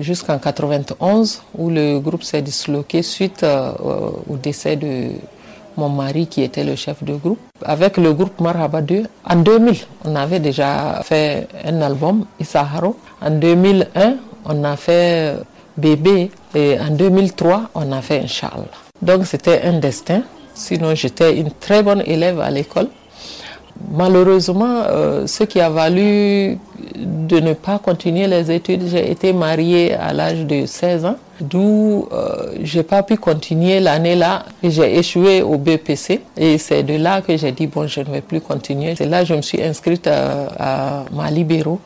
jusqu'en 91 où le groupe s'est disloqué suite euh, au décès de mon mari qui était le chef de groupe. Avec le groupe Marhaba 2, en 2000, on avait déjà fait un album, Isaharo. En 2001, on a fait Bébé. Et en 2003, on a fait Inch'Allah. Donc c'était un destin. Sinon, j'étais une très bonne élève à l'école. Malheureusement, euh, ce qui a valu de ne pas continuer les études, j'ai été mariée à l'âge de 16 ans, d'où euh, j'ai pas pu continuer l'année-là. J'ai échoué au BPC et c'est de là que j'ai dit bon, je ne vais plus continuer. C'est là que je me suis inscrite euh, à, à ma libéraux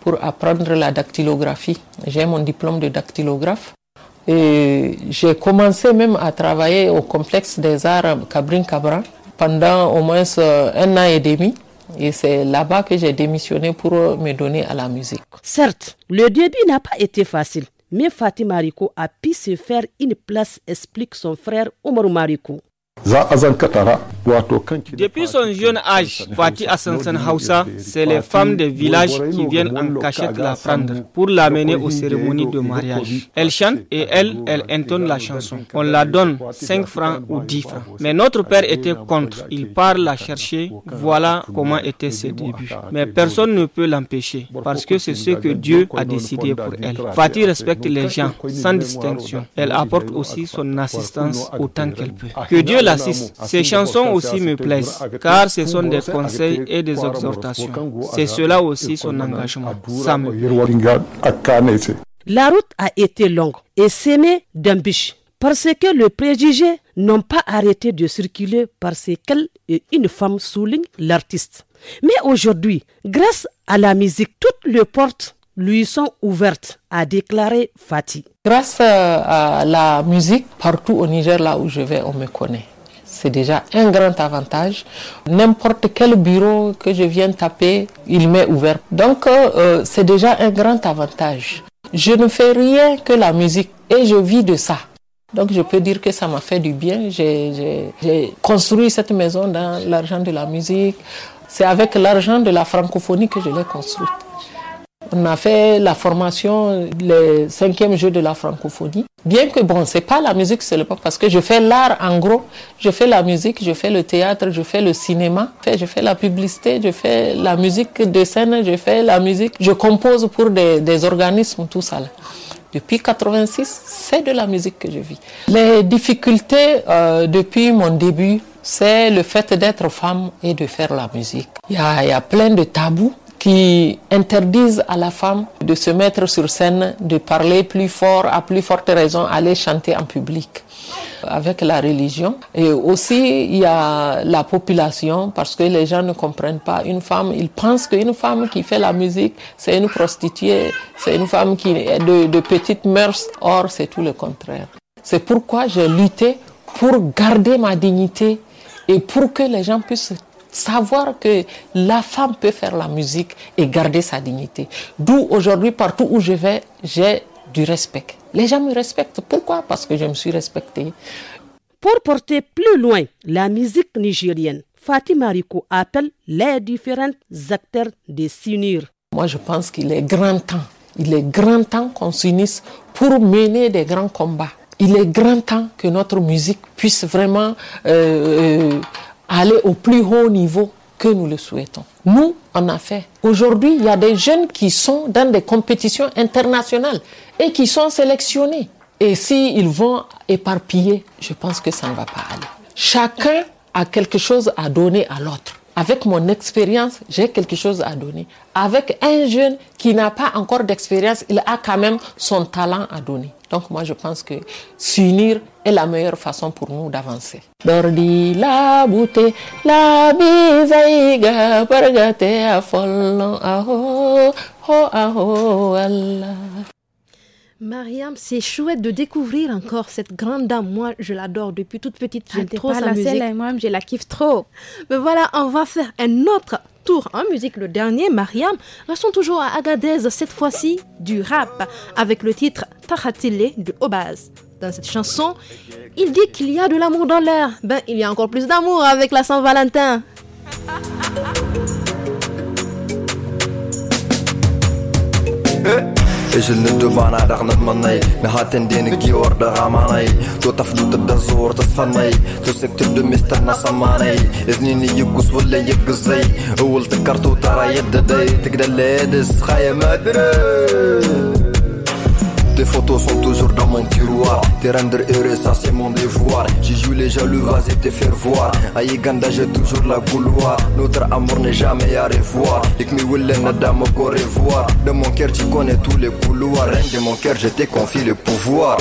pour apprendre la dactylographie. J'ai mon diplôme de dactylographe j'ai commencé même à travailler au complexe des arts Cabrin Cabra pendant au moins euh, un an et demi. Et c'est là-bas que j'ai démissionné pour me donner à la musique. Certes, le début n'a pas été facile, mais Fatima Mariko a pu se faire une place, explique son frère Omaru Mariko. Depuis son jeune âge, Fatih Assansan Hausa, c'est les femmes des villages qui viennent en cachette la prendre pour l'amener aux cérémonies de mariage. Elle chante et elle, elle intonne la chanson. On la donne 5 francs ou 10 francs. Mais notre père était contre. Il part la chercher. Voilà comment étaient ses débuts. Mais personne ne peut l'empêcher parce que c'est ce que Dieu a décidé pour elle. Fatih respecte les gens sans distinction. Elle apporte aussi son assistance autant qu'elle peut. Que Dieu ces chansons aussi me plaisent, car ce sont des conseils et des exhortations. C'est cela aussi son engagement. La route a été longue et semée d'embûches parce que les préjugés n'ont pas arrêté de circuler parce qu'elle et une femme, souligne l'artiste. Mais aujourd'hui, grâce à la musique, toutes les portes lui sont ouvertes, a déclaré Fatih. Grâce euh, à la musique, partout au Niger, là où je vais, on me connaît c'est déjà un grand avantage. N'importe quel bureau que je viens taper, il m'est ouvert. Donc, euh, euh, c'est déjà un grand avantage. Je ne fais rien que la musique et je vis de ça. Donc je peux dire que ça m'a fait du bien. J'ai construit cette maison dans l'argent de la musique. C'est avec l'argent de la francophonie que je l'ai construite. On a fait la formation, le cinquième jeu de la francophonie. Bien que, bon, c'est pas la musique c'est le seulement, parce que je fais l'art en gros. Je fais la musique, je fais le théâtre, je fais le cinéma, je fais la publicité, je fais la musique de scène, je fais la musique. Je compose pour des, organismes, tout ça. Depuis 86, c'est de la musique que je vis. Les difficultés euh, depuis mon début, c'est le fait d'être femme et de faire la musique. Il y a plein de tabous qui interdisent à la femme de se mettre sur scène, de parler plus fort, à plus forte raison, aller chanter en public avec la religion. Et aussi, il y a la population, parce que les gens ne comprennent pas une femme. Ils pensent qu'une femme qui fait la musique, c'est une prostituée, c'est une femme qui est de, de petites mœurs. Or, c'est tout le contraire. C'est pourquoi j'ai lutté pour garder ma dignité et pour que les gens puissent Savoir que la femme peut faire la musique et garder sa dignité. D'où aujourd'hui, partout où je vais, j'ai du respect. Les gens me respectent. Pourquoi Parce que je me suis respectée. Pour porter plus loin la musique nigérienne, Fatima Rico appelle les différents acteurs de s'unir. Moi, je pense qu'il est grand temps. Il est grand temps qu'on s'unisse pour mener des grands combats. Il est grand temps que notre musique puisse vraiment euh, euh, aller au plus haut niveau que nous le souhaitons. Nous, en a fait. Aujourd'hui, il y a des jeunes qui sont dans des compétitions internationales et qui sont sélectionnés. Et s'ils vont éparpiller, je pense que ça ne va pas aller. Chacun a quelque chose à donner à l'autre avec mon expérience, j'ai quelque chose à donner. Avec un jeune qui n'a pas encore d'expérience, il a quand même son talent à donner. Donc moi, je pense que s'unir est la meilleure façon pour nous d'avancer. Mariam, c'est chouette de découvrir encore cette grande dame. Moi, je l'adore depuis toute petite. J'étais trop sa musique. moi, je la kiffe trop. Mais ben voilà, on va faire un autre tour en musique. Le dernier, Mariam. Restons toujours à Agadez, cette fois-ci du rap, avec le titre Tahatile de Obaz. Dans cette chanson, il dit qu'il y a de l'amour dans l'air. Ben, il y a encore plus d'amour avec la Saint-Valentin. Euh. اجل دوبان عرق نضمني نهات ندين كيور غاماني تو تفضل تبدا زور تصفني تو سكت بدو مستنى صماني اذنيني يقص ولا يقصي اول تكرتو ترى يددي تقدر لادس خايا ما ادري Tes photos sont toujours dans mon tiroir. Te rendre heureux, ça c'est mon devoir. J'y joue les jaloux, vas-y te faire voir. Aïe Ganda, j'ai toujours la couloir. Notre amour n'est jamais à revoir. que mi voulez nadam encore revoir. De mon cœur, tu connais tous les couloirs. Rien de mon cœur, je t'ai confie le pouvoir.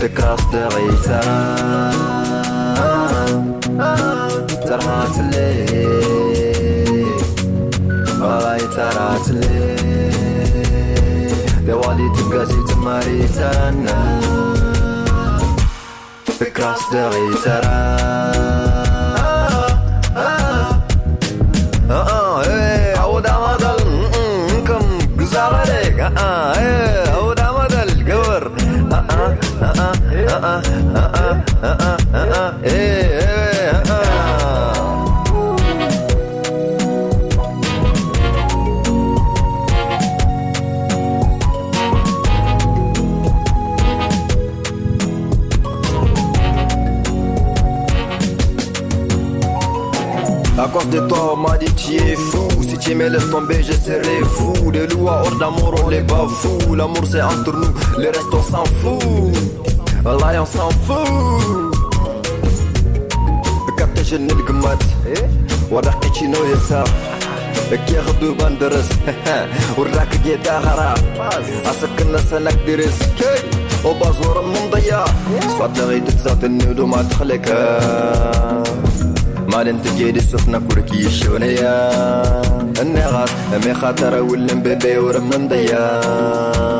شفتك اصدعي ترهات لي غلاي ترات لي دوالي تبقى زي تماري ترنا فكرة اصدعي ترى عود عمضل كم قزع عليك À cause de toi, on m'a dit tu es fou. Si tu me laisses tomber, je serai fou. De loups hors d'amour, on les fou L'amour c'est entre nous, le reste on s'en fout. والله يا صون فو كابتاج القمات ورقي شنو كي كياخدو بندرس وراك دي داهرة عسك الناس انا هناك درس وبازور من ضيا صوت لغيت تزاد النود وما تخليك مال انت جيد سخنة كوركي الشونية النغاس امي خاطر ولن بيبي ورم من ضيا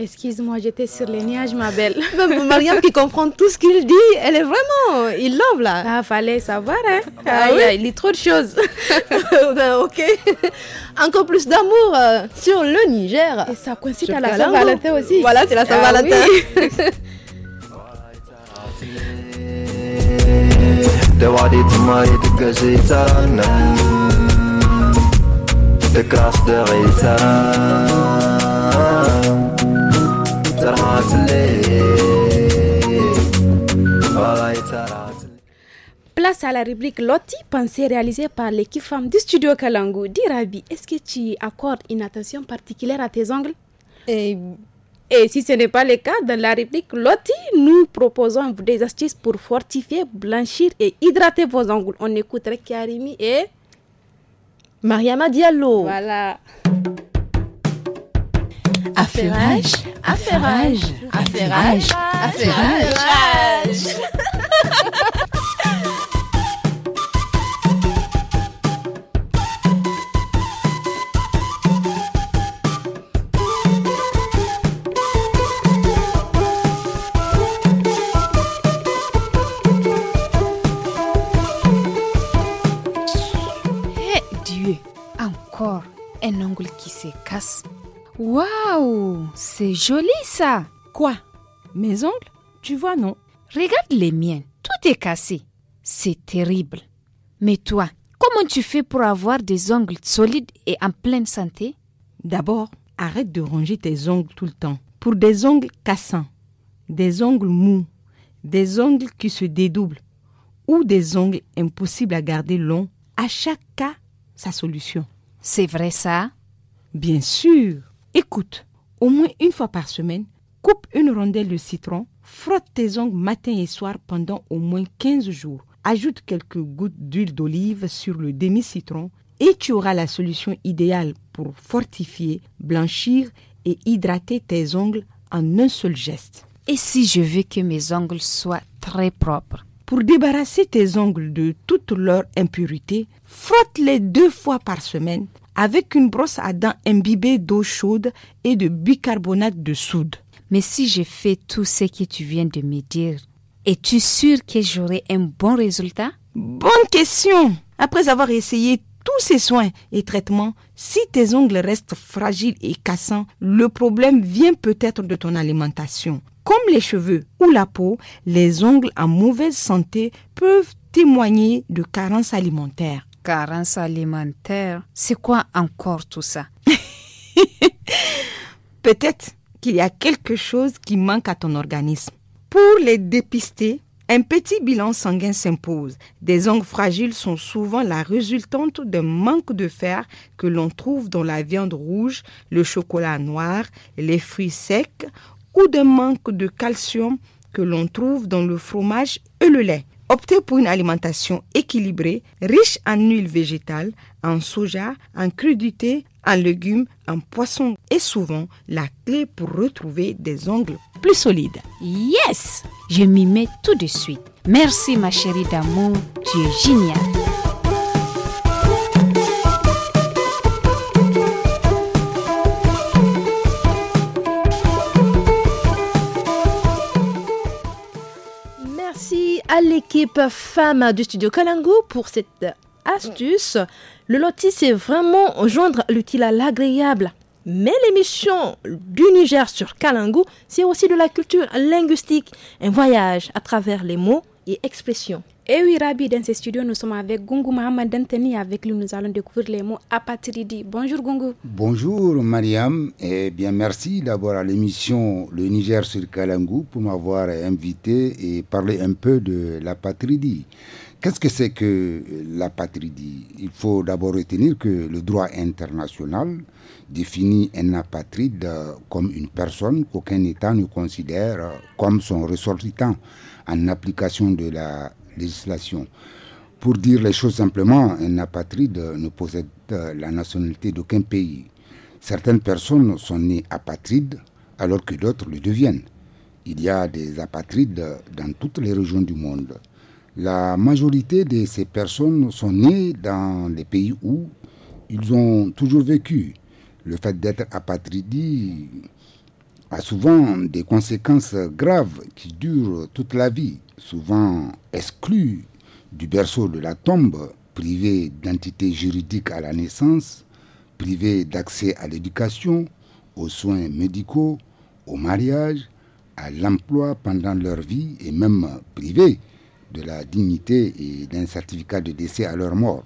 Excuse-moi, j'étais sur les nuages, ma belle. Mariam qui comprend tout ce qu'il dit, elle est vraiment, il love là. Ah, fallait savoir, hein. Ah, ah oui. Il lit trop de choses. Ben, ok. Encore plus d'amour euh, sur le Niger. Et ça coïncide à la Saint-Valentin aussi. Voilà, c'est la Saint-Valentin. Place à la rubrique Lotti, pensée réalisée par l'équipe femme du studio Kalangu. Dirabi, est-ce que tu accordes une attention particulière à tes ongles Et... Eh. Et si ce n'est pas le cas, dans la rubrique Lotti, nous proposons des astuces pour fortifier, blanchir et hydrater vos ongles. On écoute Karimi et Mariama Diallo. Voilà. Affairage, affairage, affairage, affairage. Hé eh, Dieu, encore un ongle qui se casse. Waouh, c'est joli ça. Quoi Mes ongles Tu vois, non Regarde les miens, tout est cassé. C'est terrible. Mais toi, comment tu fais pour avoir des ongles solides et en pleine santé D'abord, arrête de ranger tes ongles tout le temps. Pour des ongles cassants, des ongles mous, des ongles qui se dédoublent ou des ongles impossibles à garder longs, à chaque cas, sa solution. C'est vrai ça Bien sûr. Écoute, au moins une fois par semaine, coupe une rondelle de citron, frotte tes ongles matin et soir pendant au moins 15 jours. Ajoute quelques gouttes d'huile d'olive sur le demi-citron et tu auras la solution idéale pour fortifier, blanchir et hydrater tes ongles en un seul geste. Et si je veux que mes ongles soient très propres Pour débarrasser tes ongles de toute leur impurité, frotte-les deux fois par semaine avec une brosse à dents imbibée d'eau chaude et de bicarbonate de soude. Mais si j'ai fait tout ce que tu viens de me dire, es-tu sûr que j'aurai un bon résultat Bonne question Après avoir essayé tous ces soins et traitements, si tes ongles restent fragiles et cassants, le problème vient peut-être de ton alimentation. Comme les cheveux ou la peau, les ongles en mauvaise santé peuvent témoigner de carences alimentaires carence alimentaire. C'est quoi encore tout ça Peut-être qu'il y a quelque chose qui manque à ton organisme. Pour les dépister, un petit bilan sanguin s'impose. Des ongles fragiles sont souvent la résultante d'un manque de fer que l'on trouve dans la viande rouge, le chocolat noir, les fruits secs ou d'un manque de calcium que l'on trouve dans le fromage et le lait. Optez pour une alimentation équilibrée, riche en huiles végétale, en soja, en crudités, en légumes, en poissons et souvent la clé pour retrouver des ongles plus solides. Yes Je m'y mets tout de suite. Merci ma chérie d'amour, tu es géniale. à l'équipe femme du studio Kalangu pour cette astuce. Le loti, c'est vraiment joindre l'utile à l'agréable. Mais l'émission du Niger sur Kalangu, c'est aussi de la culture linguistique, un voyage à travers les mots et expressions. Eh oui, Rabi, dans ces studios, nous sommes avec Gungu Mohamed Danteni. Avec lui, nous allons découvrir les mots apatridi. Bonjour, Gungu. Bonjour, Mariam. Et eh bien, merci d'abord à l'émission Le Niger sur Kalangu pour m'avoir invité et parler un peu de patridie. Qu'est-ce que c'est que patridie Il faut d'abord retenir que le droit international définit un apatride comme une personne qu'aucun État ne considère comme son ressortissant en application de la législation. Pour dire les choses simplement, un apatride ne possède euh, la nationalité d'aucun pays. Certaines personnes sont nées apatrides alors que d'autres le deviennent. Il y a des apatrides dans toutes les régions du monde. La majorité de ces personnes sont nées dans les pays où ils ont toujours vécu. Le fait d'être apatride a souvent des conséquences graves qui durent toute la vie, souvent exclus du berceau de la tombe, privés d'entités juridique à la naissance, privés d'accès à l'éducation, aux soins médicaux, au mariage, à l'emploi pendant leur vie et même privés de la dignité et d'un certificat de décès à leur mort.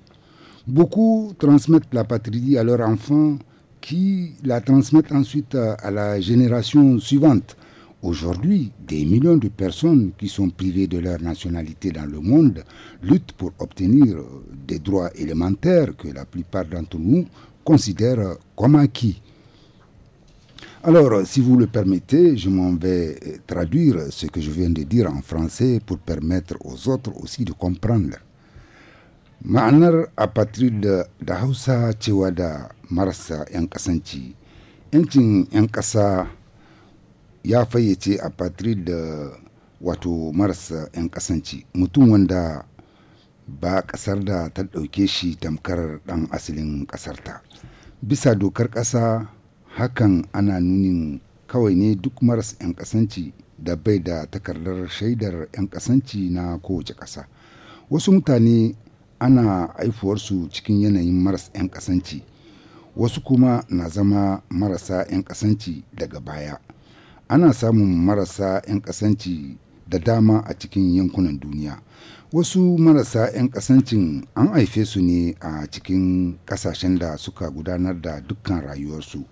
Beaucoup transmettent la patrie à leurs enfants qui la transmettent ensuite à, la génération suivante. Aujourd'hui, des millions de personnes qui sont privées de leur nationalité dans le monde luttent pour obtenir des droits élémentaires que la plupart d'entre nous considèrent comme acquis. Alors, si vous le permettez, je m'en vais euh, traduire ce que je viens de dire en français pour permettre aux autres aussi de comprendre. ma'anar apatrid da hausa cewa da marasa 'yan kasanci 'yancin 'yan ƙasa ya fayyace a da wato marasa 'yan kasanci mutum wanda ba ƙasar da ta ɗauke shi tamkar ɗan asalin ƙasarta bisa dokar ƙasa hakan ana nunin kawai ne duk maras 'yan kasanci da bai da takardar shaidar 'yan kasanci na kowace ƙasa wasu mutane ana haifuwarsu cikin yanayin maras 'yan kasanci wasu kuma na zama marasa 'yan kasanci daga baya ana samun marasa 'yan kasanci da dama a cikin yankunan duniya wasu marasa 'yan kasancin an haife su ne a cikin kasashen da suka gudanar da dukkan rayuwarsu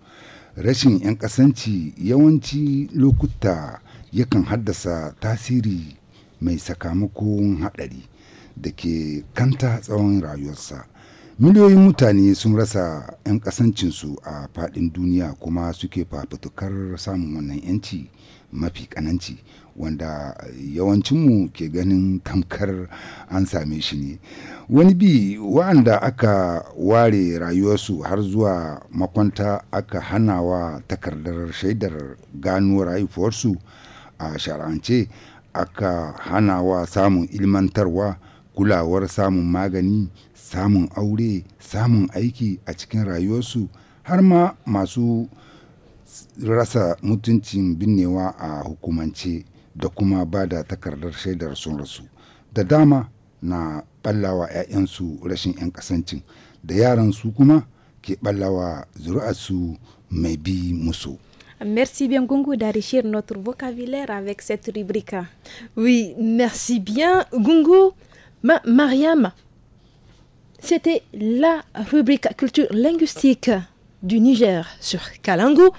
rashin 'yan kasanci yawanci lokuta yakan haddasa tasiri mai sakamakon haɗari da ke kanta tsawon rayuwarsa miliyoyin mutane sun rasa 'yan kasancinsu a fadin duniya kuma suke fafutukar samun wannan 'yanci mafi kananci wanda yawancinmu ke ganin tamkar an same shi ne wani bi wa'anda aka ware rayuwarsu har zuwa makwanta aka hana wa takardar shaidar gano rayuwarsu a shara'ance aka hanawa samun ilmantarwa kulawar samun magani samun aure samun aiki a cikin rayuwarsu har ma masu rasa mutuncin binnewa a hukumance da kuma ba da takardar shaidar sun rasu da dama na ballawa 'ya'yansu rashin 'yan kasancin da yaran su kuma ke ɓallawa zuri'arsu mai bi musu. Merci bien Gungu d'enrichir notre vocabulaire avec cette rubrique. Oui, merci bien Gungu. Ma Mariam, c'était la rubrique culture linguistique du Niger sur Kalango.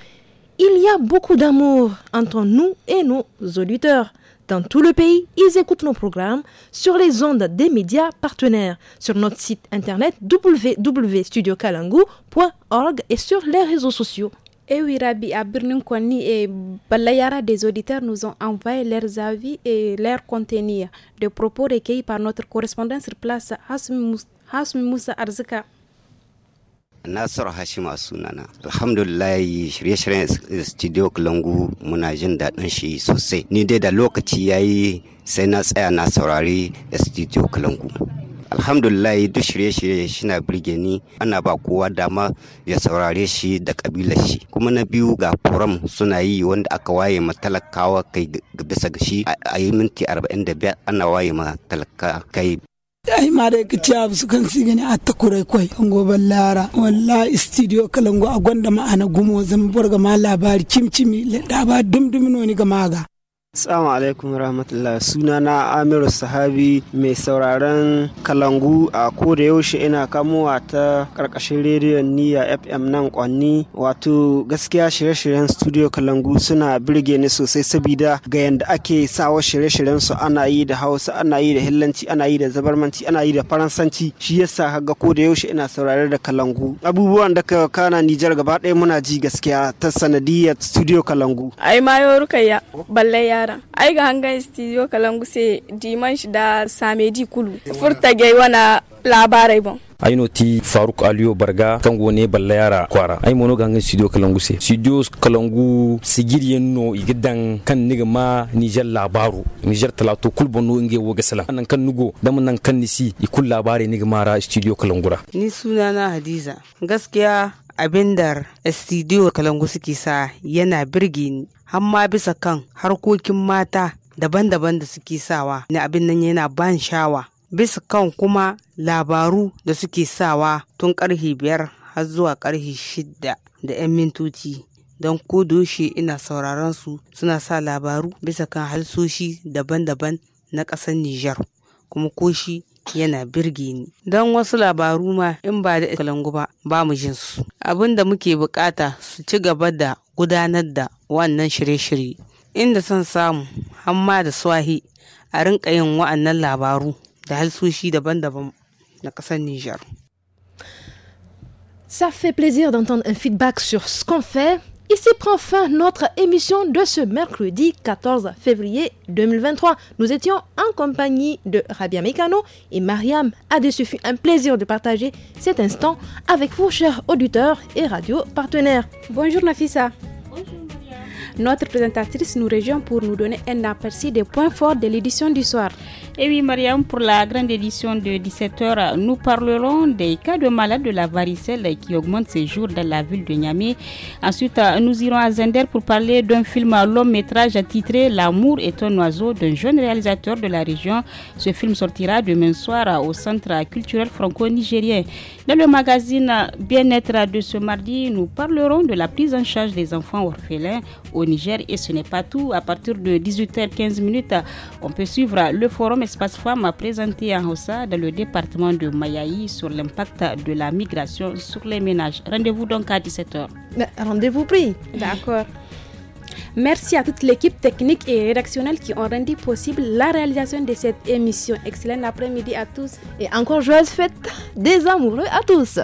Il y a beaucoup d'amour entre nous et nos auditeurs. Dans tout le pays, ils écoutent nos programmes sur les ondes des médias partenaires, sur notre site internet www.studiokalango.org et sur les réseaux sociaux. Eh oui, Rabbi, à Koni et eh, Balayara, des auditeurs nous ont envoyé leurs avis et leurs contenus de propos recueillis par notre correspondant sur place, Hasmi Moussa Arzika. Nasar Hashima sunana. Alhamdulillah shirye-shiryen studio Kalangu muna jin daɗin shi sosai. Ni dai da lokaci yayi sai na tsaya na saurari studio Klongu. alhamdulillah duk shirye-shirye shina birge ni ana ba kowa dama ya saurare shi da kabilar shi kuma na biyu ga forum suna yi wanda aka waye ma talakawa kai bisa ga shi a yi minti 45 ana waye ma talaka kai ai ma da ka ciya su kan si gani a ta kurai kwai an goban lara walla studio kalango a gwanda ma'ana gumo zan burga ma labari kimcimi da ba dumdumino ni ga maga Assalamu alaikum rahmatullah suna na Amiru Sahabi mai sauraron kalangu a koda yaushe ina kamowa ta karkashin rediyon niya FM nan kwanni wato gaskiya shirye-shiryen studio kalangu suna birge ni sosai sabida ga yanda ake sawa shirye-shiryen su ana yi da Hausa ana yi da Hillanci ana yi da Zabarmanci ana yi da Faransanci shi yasa kaga koda yaushe ina sauraron da kalangu abubuwan da ka kana Nijar gaba ɗaya muna ji gaskiya ta sanadiyar studio kalangu ai mayo rukayya balle ya yaran ai ga hangan studio kalangu se dimanche da samedi kulu furta gai wana labarai bon n'o ti faruk aliyo barga kango ne balla yara kwara ai mono ganga studio kalangu se studio kalangu sigir yenno igidan kan niga ma niger labaru niger talatu kulbo no nge wo gasala nan kan nugo dam nan kan nisi ikul labare niga ra studio kalangura ni suna na hadiza gaskiya abin da studio kalangu suke sa yana birge hamma bisa kan harkokin mata daban-daban da suke sawa na abin nan yana ban shawa bisa kan kuma labaru da suke sawa tun karhe biyar har zuwa karhe shida da 'yan mintoci don ko doshe ina sauraron su suna sa labaru bisa kan halsoshi daban-daban na ƙasar Nijar kuma ko shi yana birge ni don wasu labaru ma in ba da kalangu ba ba mu jin su abin da muke bukata su ci gaba da Ça fait plaisir d'entendre un feedback sur ce qu'on fait. Ici prend fin notre émission de ce mercredi 14 février 2023. Nous étions en compagnie de Rabia Mekano et Mariam A Adesufu. Un plaisir de partager cet instant avec vos chers auditeurs et radio partenaires. Bonjour Nafissa. Notre présentatrice nous rejoint pour nous donner un aperçu des points forts de l'édition du soir. Et oui, Mariam, pour la grande édition de 17h, nous parlerons des cas de malades de la varicelle qui augmentent ces jours dans la ville de Niamey. Ensuite, nous irons à Zender pour parler d'un film long métrage intitulé « L'amour est un oiseau d'un jeune réalisateur de la région. Ce film sortira demain soir au Centre culturel franco-nigérien. Dans le magazine Bien-être de ce mardi, nous parlerons de la prise en charge des enfants orphelins Niger. Et ce n'est pas tout. À partir de 18h15, on peut suivre le forum Espace Femmes présenté en Hossa dans le département de Mayaï sur l'impact de la migration sur les ménages. Rendez-vous donc à 17h. Ben, rendez-vous pris. D'accord. Merci à toute l'équipe technique et rédactionnelle qui ont rendu possible la réalisation de cette émission. Excellent après-midi à tous. Et encore joyeuses fête des amoureux à tous.